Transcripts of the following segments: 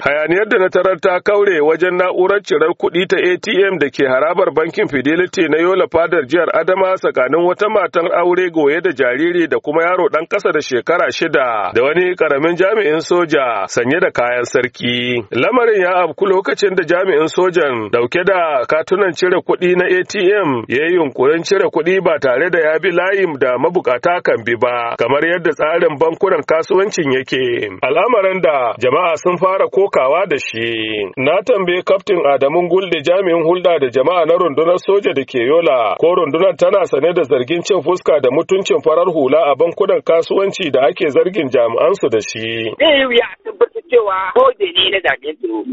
Hayaniyar da na tarar ta kaure wajen na'urar cirar kuɗi ta ATM da ke harabar bankin Fidelity na Yola Fadar jihar Adama tsakanin wata matar aure goye da jariri da kuma yaro ɗan ƙasa da shekara shida da wani ƙaramin jami'in soja sanye da kayan sarki. Lamarin ya afku lokacin da jami'in sojan ɗauke da katunan cire kuɗi na ATM ya yi yunkurin cire kuɗi ba tare da ya bi layin da mabukata kan bi ba kamar yadda tsarin bankunan kasuwancin yake. Al'amarin da jama'a sun fara kokawa da shi. Na tambayi kaftin Adamu Gulde jami'in hulɗa da jama'a na rundunar soja da ke Yola ko rundunar tana sane da zargin cin fuska da mutuncin farar hula a bankunan kasuwanci da ake zargin su da shi. Zai wuya ne na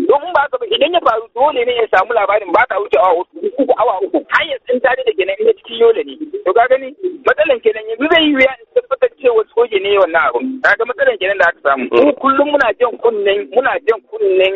Domin ba ka idan ya faru dole ne ya samu labarin ba ta wuce awa uku awa uku. Hanyar tsin tare da kenan ina cikin Yola ne. To ka gani matsalan kenan yanzu zai yi wuya yake ne wannan abun kaga matsalar kenan da aka samu mu mm. kullum muna jan kunnen muna jan kunnen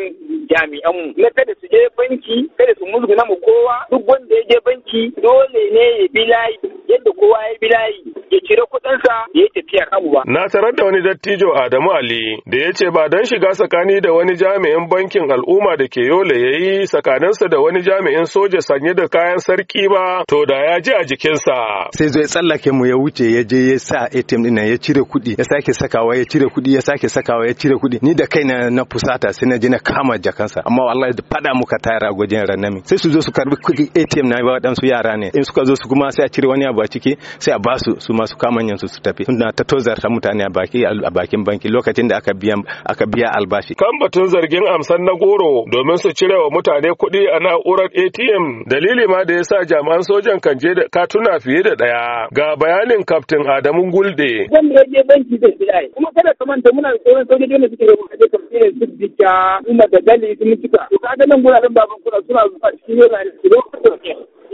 jami'an mu na kada su je banki kada su musguna mu kowa duk wanda ya je banki dole ne ya bi layi yadda kowa ya bi layi ya cire kuɗinsa ya yi tafiyar abuwa. Na tarar da wani dattijo Adamu Ali da ya ce ba dan shiga tsakani da wani jami'in bankin al'umma da ke yola ya yi tsakaninsa da wani jami'in soja sanye da kayan sarki ba to da ya ji a jikinsa. Sai zo tsallake mu ya wuce ya je ya sa ATM ɗin ya cire kuɗi ya sake sakawa ya cire kuɗi ya sake sakawa ya cire kuɗi ni da kaina na fusata sai na je na kama jakansa amma wallahi da fada muka tayar a gwajin ranami sai su zo su karbi kuɗi ATM na ba waɗansu yara ne in suka zo su kuma sai a cire wani abu abu ciki sai a ba su su masu kamanyan su su tafi suna ta tozarta mutane a baki a bakin banki lokacin da aka biya aka biya albashi kan batun zargin amsan na goro domin su cire wa mutane kuɗi a na'urar ATM dalili ma da yasa jami'an sojan kan je da katuna fiye da daya ga bayanin kaftin Adamu Gulde zan je banki da kuma kada ka manta muna tsoron sojoji da suke da irin su dika kuma da gali sun cika to kaga nan guraren baban kuna suna zuwa cikin yau da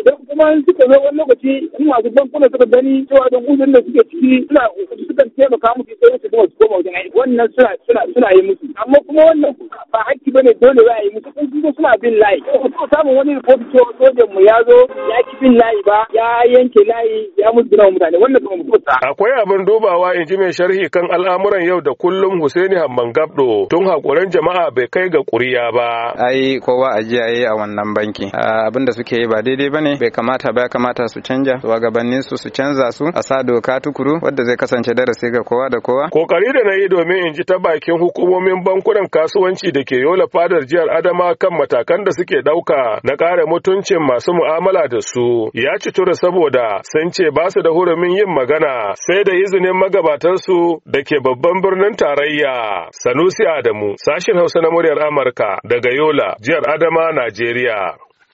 Idan kuma in suka zo wani lokaci in masu bankuna suka gani cewa don gudun da suke ciki suna sukan taimaka musu sai su koma wajen aiki. Wannan suna suna suna yi musu. Amma kuma wannan ba haƙƙi bane dole za a yi musu kun suna bin layi ko samun wani report cewa sojan mu ya zo ya ki bin layi ba ya yanke layi ya musguna wa mutane wannan ba mu akwai abin dubawa in mai sharhi kan al'amuran yau da kullum Husaini Hamman Gabdo tun hakuran jama'a bai kai ga ƙuriya ba ai kowa ajiya yayi a wannan banki abin da suke yi ba daidai bane bai kamata ba kamata su canja su gabanin su su canza su a sa doka tukuru wadda zai kasance darasi ga kowa da kowa kokari da na yi domin in ji ta bakin hukumomin bankunan kasuwanci da ke yola fadar jihar Adama kan matakan da suke ɗauka na kare mutuncin masu mu'amala da su ya ci tura saboda sun ce ba su da hurumin yin magana sai da izinin magabatansu da ke babban birnin tarayya. Sanusi Adamu, sashin Hausa na muryar Amurka daga Yola, jihar Adama, Najeriya.